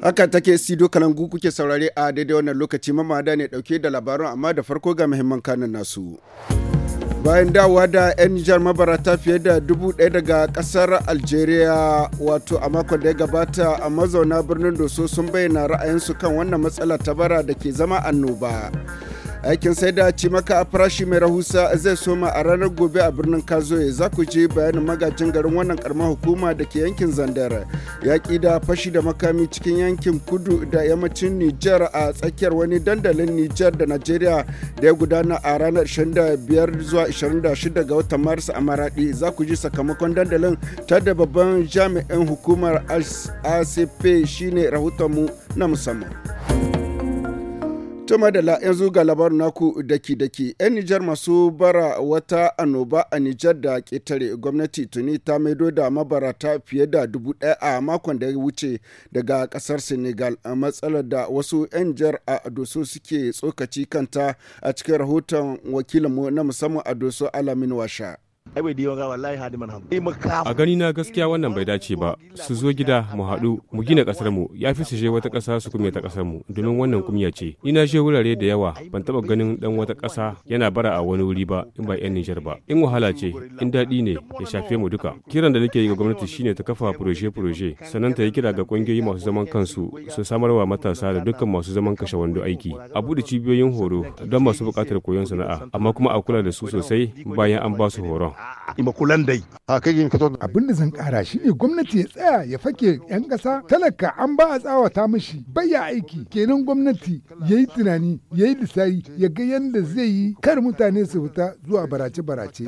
Haka take Sido Kalangu kuke saurare a daidai wannan lokaci mamada ne dauke da labarin amma da farko ga muhimman kanin nasu. Bayan dawowa da 'yan Nijar mabarata fiye da dubu ɗaya daga ƙasar Algeria wato a makon da ya gabata a mazauna birnin Doso sun bayyana ra'ayinsu kan wannan matsalar ta bara da ke zama annoba. aikin sai da cimaka a farashi mai rahusa zai soma a ranar gobe a birnin ya za ku je bayanin magajin garin wannan karamar hukuma da ke yankin zandar yaƙi da fashi da makami cikin yankin kudu da yammacin nijar a tsakiyar wani dandalin nijar da nigeria da ya gudana a ranar 25 zuwa 26 ga watan maris a maradi za ku ji sakamakon dandalin ta da babban jami'in hukumar acp shine mu na musamman. To madalla yanzu ga labarin naku daki-daki. 'Yan Nijar masu bara wata annoba a Nijar da ketare gwamnati tuni ta maido da mabarata fiye da dubu daya a makon da ya wuce daga kasar Senegal a matsalar da wasu 'yan jar a Doso suke tsokaci kanta a cikin rahoton wakilinmu na musamman a Doso Alamin Washa. a gani na gaskiya wannan bai dace ba su zo gida mu haɗu mu gina ƙasar mu ya fi su je wata ƙasa su kumya ta ƙasar mu domin wannan kumya ce ni na je wurare da yawa ban taɓa ganin dan wata ƙasa yana bara a wani wuri ba in ba yan Nijar ba in wahala ce in daɗi ne ya shafe mu duka kiran da nake yi ga gwamnati shine ta kafa proje proje sannan ta yi kira ga ƙungiyoyi masu zaman kansu su samarwa matasa da dukkan masu zaman kashe wando aiki a buɗe cibiyoyin horo don masu buƙatar koyon sana'a amma kuma a kula da su sosai bayan an ba su horon imakulandai abin da zan kara shine gwamnati ya tsaya ya fake yan ƙasa talaka an ba a tsawata mishi ya aiki kenan gwamnati ya yi tunani ya yi lissayi ya ga yadda zai yi kar mutane su fita zuwa barace-barace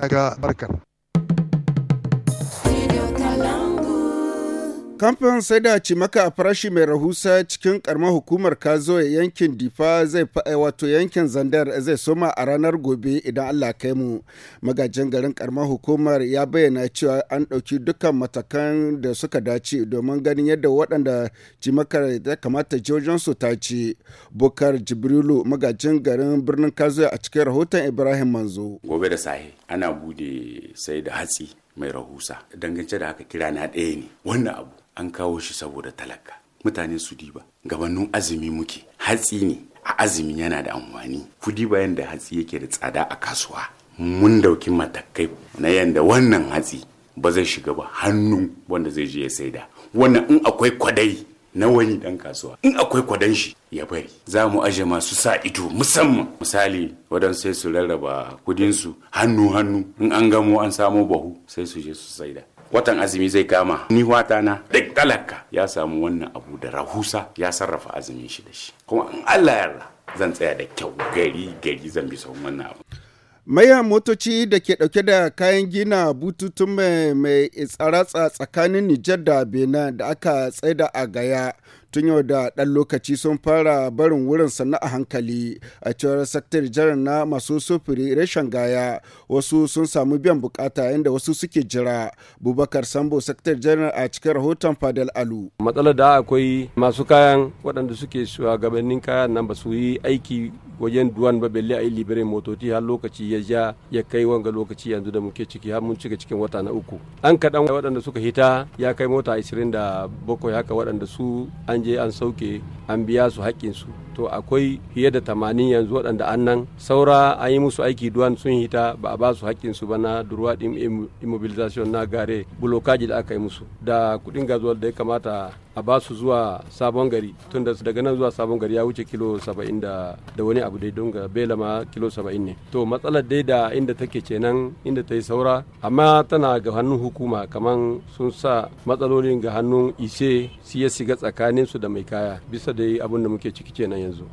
Kamfan saida da cimaka a farashi mai rahusa cikin karamar hukumar kazo yankin Difa zai eh, wato yankin Zandar zai soma a ranar gobe idan Allah kai mu. Magajin garin karamar hukumar ya bayyana cewa an ɗauki dukkan matakan da suka dace domin ganin yadda waɗanda cimakar da kamata jojon su ta ci. Bukar Jibrilu magajin garin birnin kazoya a cikin rahoton Ibrahim Manzo. Gobe da sahi ana bude sai da hatsi mai rahusa dangance da haka kira na ɗaya ne wannan abu an kawo shi saboda talaka mutane su diba gabanin azumi muke hatsi ne a azumi yana da amfani ku diba yadda hatsi yake da tsada a kasuwa mun dauki matakai na yadda wannan hatsi ba zai shiga ba hannu wanda zai je ya saida wannan in akwai kwadai na wani dan kasuwa in akwai kwadan shi ya bari za mu aje masu sa ido musamman misali wadan sai su rarraba kudin su hannu hannu in an gamo an samo bahu sai su je su saida watan azumi zai kama ni wata na duk talaka ya samu wannan abu da rahusa ya sarrafa azumin shi da shi kuma in Allah yarda zan tsaya da kyau gari gari zan bi sabon wannan abu maya motoci da ke dauke da kayan gina bututun mai mai tsaratsa tsakanin Nijar da Benin da aka tsaida a gaya tun yau da ɗan lokaci sun fara barin wurin sannu a hankali a cewar sakatare jiran na masu sufuri reshen gaya wasu sun samu biyan bukata yadda wasu suke jira bubakar sambo sakatare jiran a cikin rahoton fadal alu matsalar da akwai masu kayan waɗanda suke shugabannin kayan nan ba su yi aiki wajen duwan ba belle a yi motoci har lokaci ya ja ya kai wanga lokaci yanzu da muke ciki har mun cika cikin wata na uku an kaɗan waɗanda suka hita ya kai mota 27 haka waɗanda su an anje an sauke an biya su su to akwai fiye da tamanin yanzu waɗanda an nan saura an yi musu aiki duwan sun hita ba a ba su haƙƙinsu ba na durwa immobilization na gare bulokaji da aka yi musu da kuɗin gazuwar da ya kamata a ba su zuwa sabon gari tun da daga nan zuwa sabon gari ya wuce kilo saba'in da wani abu dai don ga bela ma kilo saba'in ne to matsalar dai da inda take kenan inda ta yi saura amma tana ga hannun hukuma kamar sun sa matsalolin ga hannun ise su ya shiga tsakaninsu da mai kaya bisa da dai abin da muke ciki kenan yanzu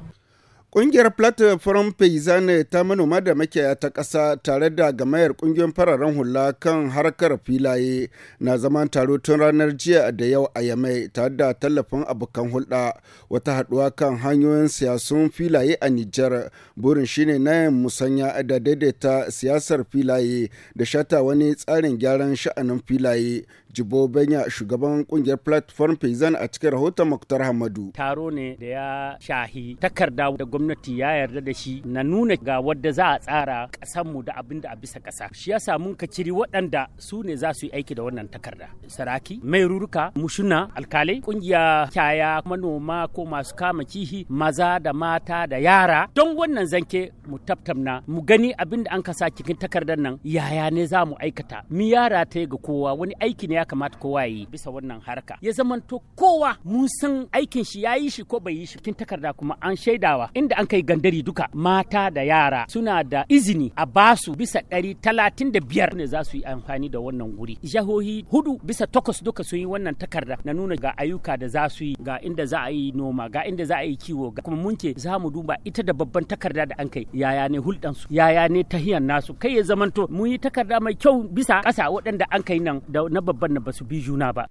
Ƙungiyar Platform Paysane ta manoma da makiyaya ta ƙasa tare da gamayar ƙungiyar fararen hula kan harkar filaye na zaman taro tun ranar jiya da yau a Yamai tare da tallafin abokan hulɗa wata haɗuwa kan hanyoyin siyasun filaye a Nijar. Burin shine na yin musanya da daidaita siyasar filaye da shata wani tsarin gyaran sha'anin filaye Jibo Benya shugaban kungiyar Platform Paysan a cikin rahoton Muktar Hamadu. Taro ne da ya shahi takarda da gwamnati ya yarda da shi na nuna ga wadda za a tsara kasanmu da abinda a bisa ƙasa. Shi ya samu ka waɗanda su ne za su yi aiki da wannan takarda. Saraki, mai ruruka, mushuna, alkalai, kungiya kyaya, manoma ko masu kama kihi, maza da mata da yara. Don wannan zanke mu tabtamna mu gani abinda da an kasa cikin takardar nan yaya ne za mu aikata. Mi yara ta ga kowa wani aiki ne ya kamata kowa yi bisa wannan harka ya zamanto kowa mun san aikin shi ya yi shi ko bai yi shi cikin takarda kuma an shaidawa inda an kai gandari duka mata da yara suna da izini a basu bisa ɗari talatin da biyar ne za su yi amfani da wannan guri jahohi hudu bisa takwas duka sun yi wannan takarda na nuna ga ayyuka da za su yi ga inda za a yi noma ga inda za a yi kiwo ga kuma mun ce za mu duba ita da babban takarda da an kai yaya ne hulɗansu yaya ne tahiyan nasu kai ya zamanto mun yi takarda mai kyau bisa ƙasa waɗanda an kai nan da na babban waɗanda ba su bi juna ba.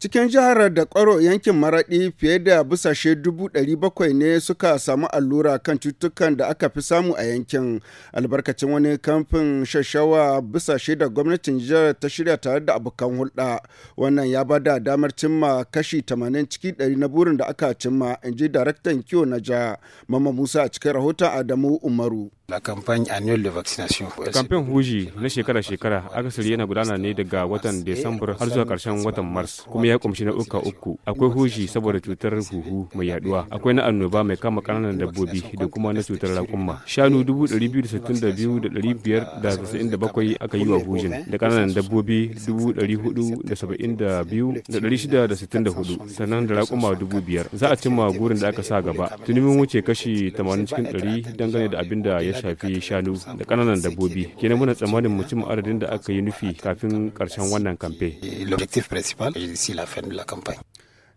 Cikin jihar da kwaro yankin maraɗi fiye da busashe dubu ɗari bakwai ne suka samu allura kan cututtukan da aka fi samu a yankin albarkacin wani kamfin shashawa busashe da gwamnatin jihar ta shirya tare da abokan hulɗa. Wannan ya ba da damar cimma kashi tamanin ciki ɗari na burin da aka cimma, in ji daraktan kiwo na jiha, Mama Musa a cikin rahoton Adamu Umaru. Kamfen huji na shekara-shekara akasari yana gudana ne daga watan Desambar har zuwa karshen watan Mars kuma ya kumshi na uka uku. Akwai huji saboda cutar huhu mai yaduwa, akwai na annoba mai kama kananan dabbobi da kuma na cutar raƙumma. Shanu 262,597 aka yi wa hujin da kananan dabbobi 472,664 sannan da raƙumma 5,000. Za a cimma gurin da aka sa gaba. Tuni wuce kashi 80 cikin 100 dangane da abin da ya shafi shanu da kananan dabbobi kenan muna tsammanin mutum adadin da aka yi nufi kafin karshen wannan kamfe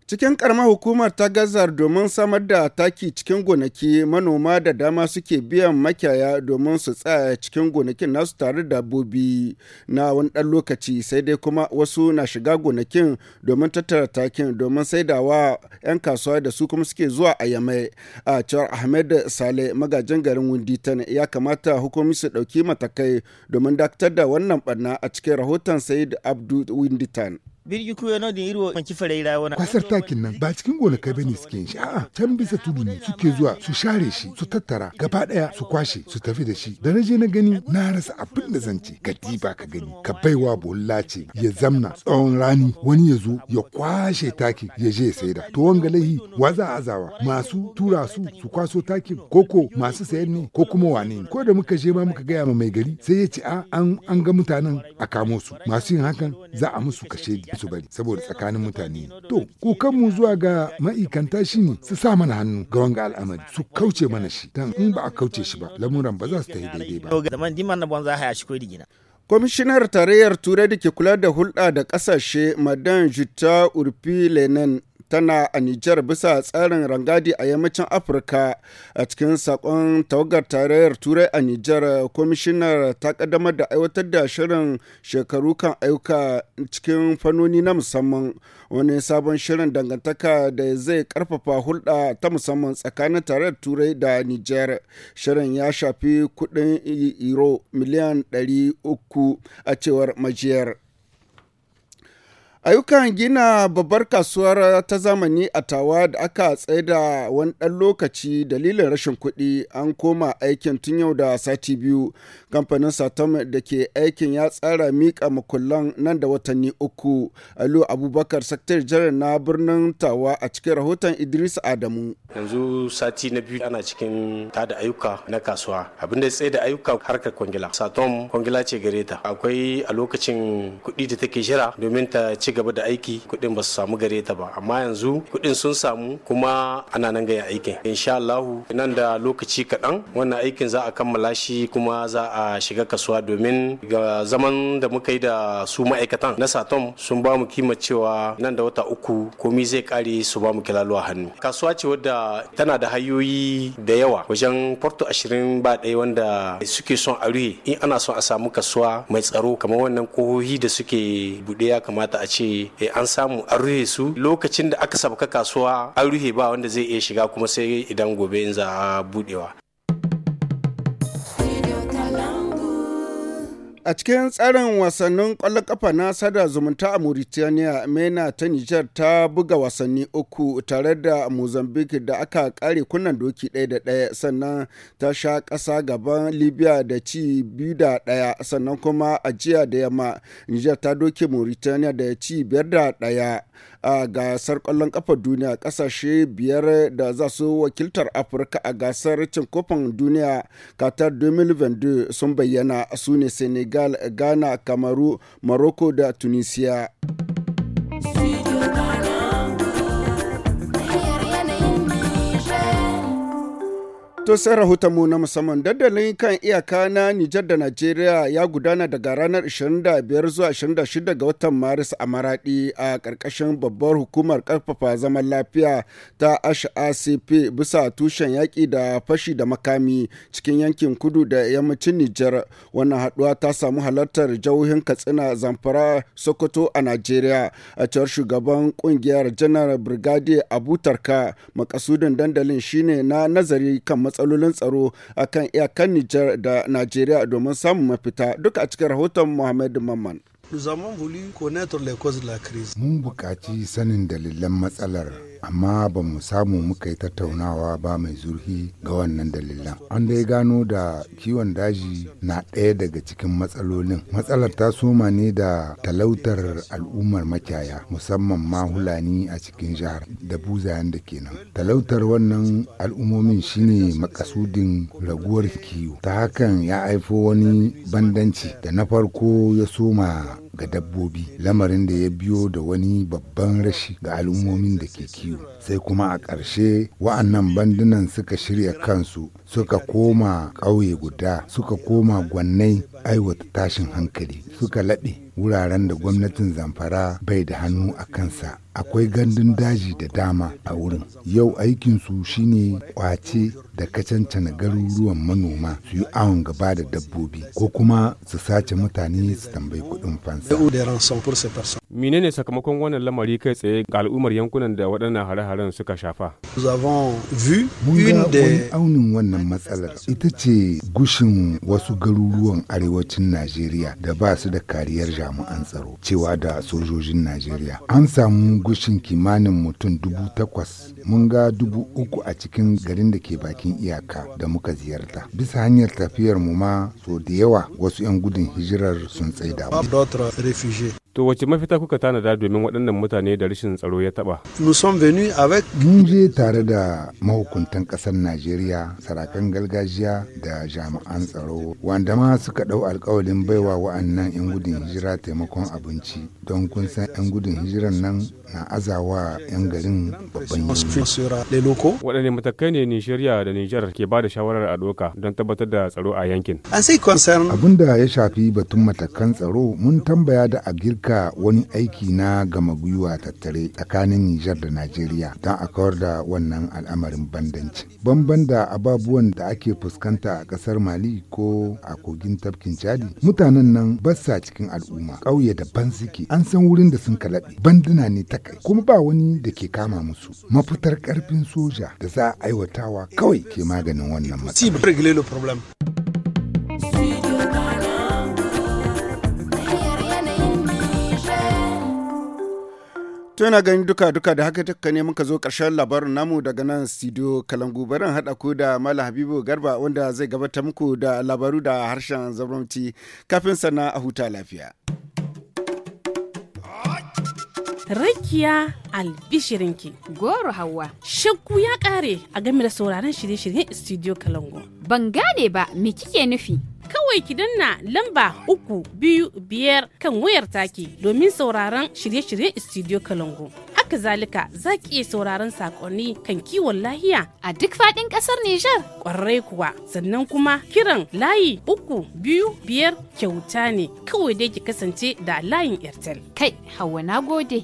Cikin karamar hukumar ta gazar domin samar da taki cikin gonaki manoma da dama suke biyan makiyaya domin su tsaya cikin gonakin nasu tare da bobi na wani ɗan lokaci sai dai kuma wasu na shiga gonakin domin tattara takin domin saidawa 'yan kasuwa da su kuma suke zuwa a yamai a cewar ahmed sale magajin garin winditan ya kamata hukumi su ɗauki matakai domin dakatar da wannan barna a cikin rahoton said abdu winditan. birgi Kwasar takin nan ba cikin kai bane suke shi a'a can bisa tudu ne suke zuwa su share shi su tattara gaba daya su kwashe su tafi da shi da na na gani na rasa abin da zan ce ka diba ka gani ka baiwa bolla ce ya zamna tsawon rani wani ya zo ya kwashe takin ya je ya saida to wanga lahi wa za zawa masu tura su su kwaso takin koko masu sayan ne ko kuma wane ne ko da muka je ma muka gaya ma mai gari sai ya ce a an ga mutanen a kamo su masu yin hakan za a musu kashe su bari saboda tsakanin mutane to kukanmu zuwa ga ma’aikanta shi ne su sa mana hannu ga wanga al'amari su kauce mana shi dan in ba a kauce shi ba lamuran ba za su tafi daidai ba haya shi kwamishinar tarayyar turai da ke kula da hulɗa da ƙasashe madan jita urfi lenin tana a Nijar bisa tsarin rangadi a yammacin Afirka a cikin sakon tawagar tarayyar Turai a Nijar kwamishinar ta kaddamar da aiwatar da shirin shekaru kan aika cikin fannoni na musamman wani sabon shirin dangantaka da zai karfafa hulɗa ta musamman tsakanin tarayyar Turai da Nijar. Shirin ya shafi kuɗin euro miliyan 300 a cewar majiyar. Ayyukan gina babbar kasuwar ta zamani a tawa da aka da wani ɗan lokaci dalilin rashin kuɗi an koma aikin tun yau da sati biyu. Kamfanin Satom da ke aikin ya tsara miƙa makullan nan da watanni uku. Alu Abubakar sakitar Jiran na birnin tawa a cikin rahoton Idris Adamu. Yanzu sati na biyu ana cikin tada ayyuka na kasuwa. Abin da da ayyuka harkar kwangila. Satom kwangila ce gare ta. Akwai a lokacin kuɗi da take jira domin ta ci gaba da aiki kuɗin ba su samu gare ta ba amma yanzu kuɗin sun samu kuma ana nan ga aikin insha Allah nan da lokaci kaɗan wannan aikin za a kammala shi kuma za a shiga kasuwa domin ga zaman da muka yi da su ma'aikatan na satom sun ba mu kima cewa nan da wata uku komi zai kare su ba mu a hannu kasuwa ce wadda tana da hayoyi da yawa wajen porto ashirin ba ɗaya wanda suke son a in ana son a samu kasuwa mai tsaro kamar wannan kohohi da suke buɗe ya kamata a ce ce eh, an samu an ruhe su lokacin da aka sabka kasuwa an ruhe ba wanda zai iya shiga kuma sai idan gobe in za a budewa A cikin tsarin wasannin ƙwallon kafa na sada zumunta a Mauritania, Mena ta Nijar ta buga wasanni uku tare da Mozambique da aka kare kunnan doki ɗaya da ɗaya sannan ta sha ƙasa gaban Libya da ci biyu da ɗaya sannan kuma a jiya da yamma Nijar ta doke Mauritania da ci biyar da ɗaya. a gasar kwallon kafa duniya kasashe biyar da za su wakiltar afirka a gasar cin kofin duniya qatar 2022 sun bayyana su ne senegal ghana kamaru morocco da tunisia To sai mu na musamman dandalin kan iyaka na Nijar da Najeriya ya gudana daga ranar 25 zuwa 26 ga watan Maris a Maradi a ƙarƙashin babbar hukumar ƙarfafa zaman lafiya ta HACP bisa tushen yaƙi da fashi da makami cikin yankin kudu da yammacin Nijar. Wannan haɗuwa ta samu halartar jahohin Katsina, Zamfara, Sokoto a Najeriya a cewar shugaban ƙungiyar Janar Brigadier Abu Tarka makasudin dandalin shine na nazari kan matsalolin tsaro a kan iyakan Nijar da Najeriya domin samun mafita duk a cikin rahoton Muhammadu Mamman. Mun buƙaci sanin dalilan matsalar amma ba mu samu muka yi tattaunawa ba mai zurfi ga wannan dalilan an dai gano da kiwon daji na ɗaya daga cikin matsalolin matsalar ta soma ne da talautar al'ummar makiyaya musamman ma hulani a cikin jihar da buzayen da kenan talautar wannan al'ummomin shine makasudin raguwar kiwo ta hakan ya haifo wani bandanci da na farko ya soma ga dabbobi lamarin da ya biyo da wani babban rashi ga al'ummomin da ke kiwo sai kuma a ƙarshe wa'annan bandunan suka shirya kansu suka koma ƙauye guda suka koma gwannai aiwata tashin hankali suka laɓe wuraren da gwamnatin zamfara bai da hannu a kansa akwai gandun daji da dama a wurin yau aikinsu shine kwace da kacancana garuruwan manoma su yi awon gaba da dabbobi ko kuma su sace mutane su tambayi kuɗin fansa menene sakamakon wannan lamari kai tsaye ga al'ummar yankunan da waɗannan hare-haren suka shafa mun ga wani aunin wannan matsalar ita ce gushin wasu garuruwan arewacin najeriya da ba su da kariyar jami'an tsaro cewa da sojojin Najeriya. An samu gushin kimanin mutum dubu takwas mun ga dubu uku a cikin garin da ke bakin iyaka da muka ziyarta. Bisa hanyar tafiyar mu ma so da yawa wasu 'yan gudun hijirar sun tsaida. To wace mafita kuka tanada domin waɗannan mutane da rashin tsaro ya taɓa? Mun je tare da mahukuntan ƙasar Najeriya, sarakan gargajiya da jami'an tsaro, wanda ma suka ɗau alkawalin baiwa wa'annan 'yan gudun hijira taimakon abinci, don kun san 'yan gudun hijiran nan na azawa 'yan garin babban Waɗanne matakai ne Nijeriya da Nijar ke ba da shawarar a doka don tabbatar da tsaro a yankin? Abin da ya shafi batun matakan tsaro mun tambaya da agir duka wani aiki na gama gwiwa tattare tsakanin Nijar da Najeriya don a kawar da wannan al'amarin bandanci. Banban da ababuwan da ake fuskanta a ƙasar Mali ko a kogin tafkin Chadi, mutanen nan basa cikin al'umma, ƙauye daban suke, an san wurin da sun kalaɓe, banduna ne ta kai, kuma ba wani da ke kama musu. Mafitar ƙarfin soja da za a aiwatawa kawai ke maganin wannan matsala. To yana ganin duka-duka da haka ta ne muka zo ƙarshen labarin namu daga nan studio Kalangu barin haɗa ku da Malam Habibu Garba wanda zai gabata muku da labaru da harshen zamanci kafin sana a huta lafiya. Rakiya albishirinki goro hawa shakku ya ƙare a game da sauraron shirye-shiryen studio Kalangu. Ban gane ba me kike nufi? Kawai ki danna lamba uku biyu biyar kan wayar take domin sauraron shirye-shiryen Studio Kalango. Haka zalika za ki iya sauraron sakonni kan kiwon lahiya a duk faɗin ƙasar Nijar. kwarai kuwa sannan kuma kiran layi uku biyu biyar kyauta ne kawai dai ki kasance da layin Airtel. Kai, hawa na gode.